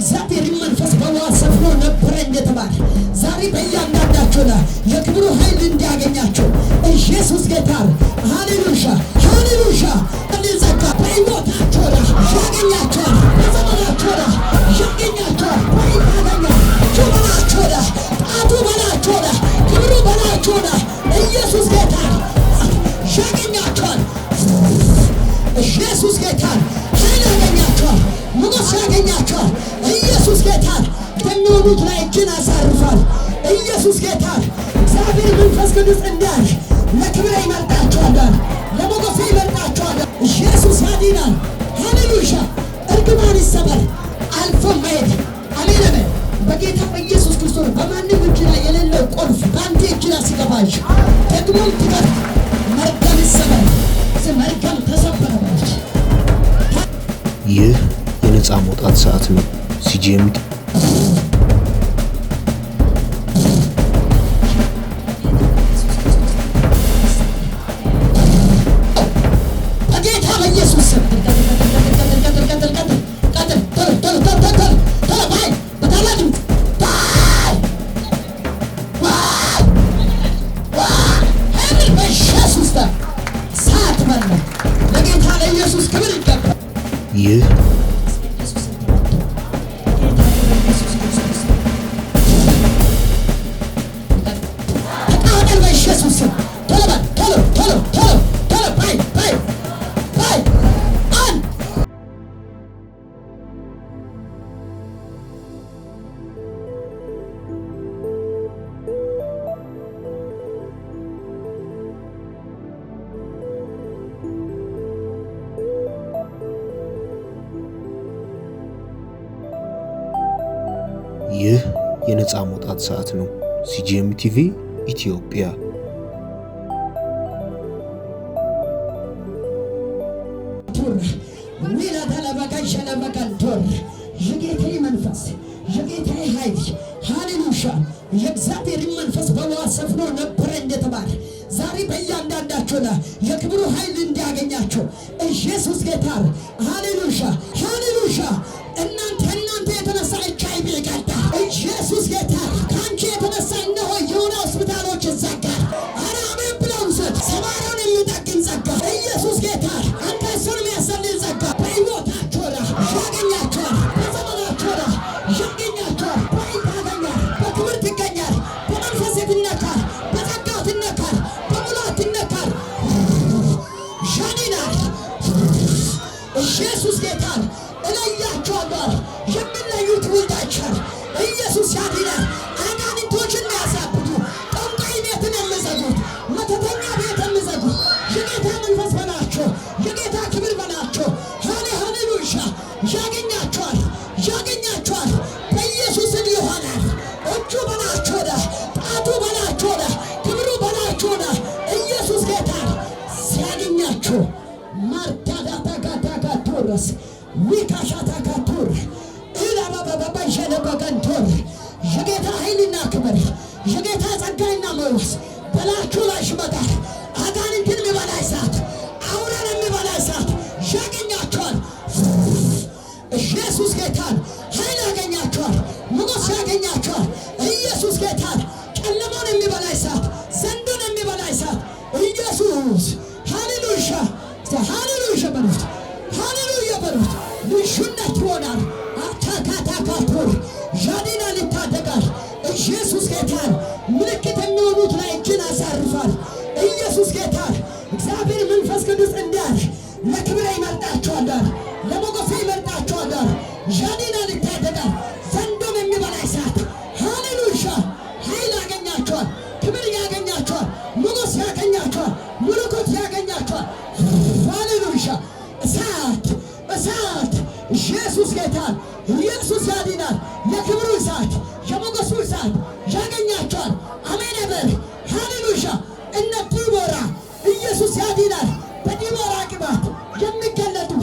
የእግዚአብሔርን መንፈስ በውሃ ሰፍኖ ነበረ እንደተባለ ዛሬ በእያንዳንዳቸው ላይ የክብሩ ኃይል እንዲያገኛቸው ኢየሱስ ጌታ ሃሌሉሻ ሃሌሉሻ እንዲዘጋ በሕይወታቸው ላይ ያገኛቸዋል። መንፈስ ቅዱስ እንዳልሽ ለክብሬ ይመልጣችኋል፣ ለሞገሴ ይመልጣችኋል። ኢየሱስ ያድናል። ሃሌሉያ! እርግማን ይሰበር፣ አልፎ መሄድ አሜን። በጌታ በኢየሱስ ክርስቶስ በማንም እጅ ላይ የሌለው ቁልፍ በአንተ እጅ ላይ ሲገባሽ ደግሞም ትቀር። መርገም ይሰበር፣ መርገም ተሰበረ። ይህ የነፃ መውጣት ሰዓት ነው ሲጂኤምቲ you. ይህ የነፃ መውጣት ሰዓት ነው። ሲጂኤም ቲቪ ኢትዮጵያ የጌታዬ መንፈስ የጌታዬ ኃይል ሃሌሉሻ የእግዚአብሔርን መንፈስ በውሃ ሰፍኖ ነበረ እንደተባለ ዛሬ በእያንዳንዳቸው የክብሩ ኃይል እንዲያገኛቸው ኢየሱስ ጌታ ሃሌሉሻ ኢየሱስ ጌታ እለያቸዋለሁ። የምለዩት ውልዳቸር ኢየሱስ ያድናል። ሊታሻታካቱር ኢላባ በበባይ ሸለበቀንቶር የጌታ ኃይልና ክብር የጌታ ጸጋይና መውስ በላችሁ ላይ ሽመጣል ጌታን ምልክት የሚሆኑት ላይ እጅን አሳርፏል። ኢየሱስ ጌታ እግዚአብሔር መንፈስ ቅዱስ እንዲያል ለክብሬ ይመርጣቸዋል ዳር ለሞገሴ ይመርጣቸዋል ዳር ዣኒና ሊታደጋል ዘንዶም የሚበላ እሳት ሃሌሉሻ ኃይል ያገኛቸዋል፣ ክብር ያገኛቸዋል፣ ሞገስ ያገኛቸዋል፣ ሙሉኮት ያገኛቸዋል። ሃሌሉሻ እሳት እሳት ኢየሱስ ጌታን ያድናል። በዲቦራ ቅባት የሚገለጡት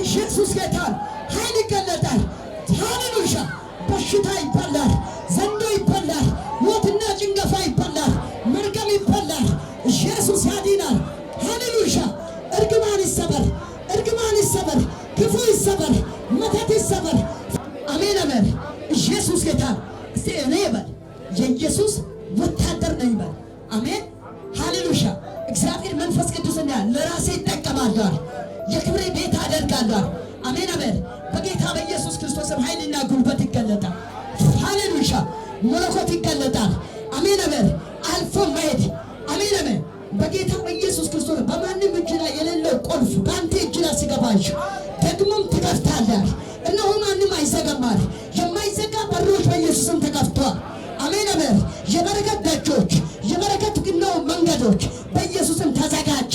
ኢየሱስ ጌታ ኃይል ይገለጣል። ሃሌሉሻ! በሽታ ይበላል፣ ዘንዶ ይበላል፣ ሞትና ጭንገፋ ይበላል፣ መርገም ይበላል። ኢየሱስ ያድናል። ሃሌሉሻ! እርግማን ይሰበር፣ እርግማን ይሰበር፣ ክፉ ይሰበር። አሜን አሜን። በጌታ በኢየሱስ ክርስቶስም ኃይልና ጉልበት ይገለጣል። ሃሌሉያ መለኮት ይገለጣል። አሜን አሜን። አልፎ ማየት አሜን አሜን። በጌታ በኢየሱስ ክርስቶስ በማንም እጅ ላይ የሌለው ቁልፍ በአንተ እጅ ላይ ሲገባሽ ደግሞም ትከፍታለህ። እነሆ ማንም አይዘጋማል። የማይዘጋ በሮች በኢየሱስም ተከፍቷል። አሜን አሜን። የበረከት ደጆች የበረከት ነው መንገዶች በኢየሱስም ተዘጋጀ።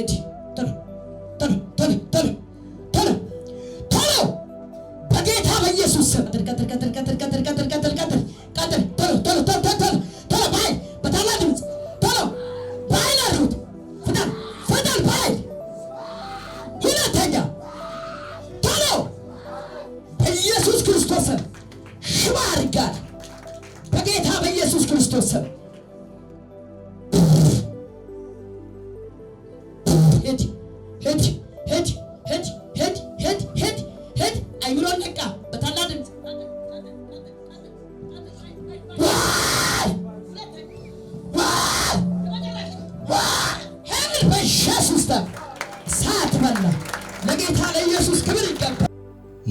እዲ ጥር ጥር ጥር ጥር ጥር ጥር በጌታ በኢየሱስ ስም ጥር ጥር ጥር ጥር ጥር ጥር ጥር ጥር ጥር ጥር ጥር ጥር ጥር ጥር ጥር በኃይል በታላቅ ድምፅ ጥር በኃይል አድርጉት። ፍጠን ፍጠን በኃይል ሁለተኛ ጥር በኢየሱስ ክርስቶስ ስም ሽባ አድርጋል። በጌታ በኢየሱስ ክርስቶስ ስም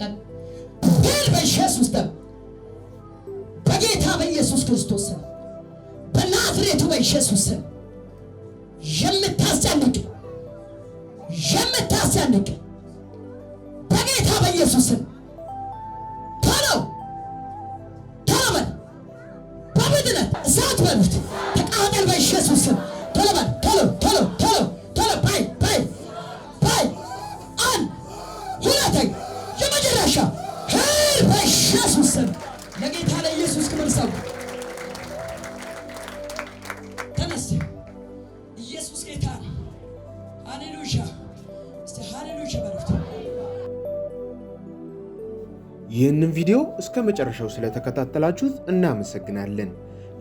ድል በኢየሱስ ደም በጌታ በኢየሱስ ክርስቶስ ስም በናዝሬቱ በኢየሱስ ስም የምታስጨንቅ የምታስጨንቅ በጌታ በኢየሱስ ስም ተለው ተለመን በብድነት እሳት በሉት። ይህንን ቪዲዮ እስከ መጨረሻው ስለተከታተላችሁት እናመሰግናለን።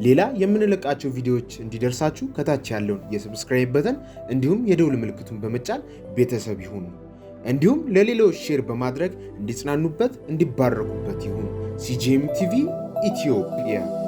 ሌላ የምንለቃቸው ቪዲዮዎች እንዲደርሳችሁ ከታች ያለውን የሰብስክራይብ በተን እንዲሁም የደውል ምልክቱን በመጫን ቤተሰብ ይሁኑ። እንዲሁም ለሌሎች ሼር በማድረግ እንዲጽናኑበት፣ እንዲባረኩበት ይሁን። ሲጂኤም ቲቪ ኢትዮጵያ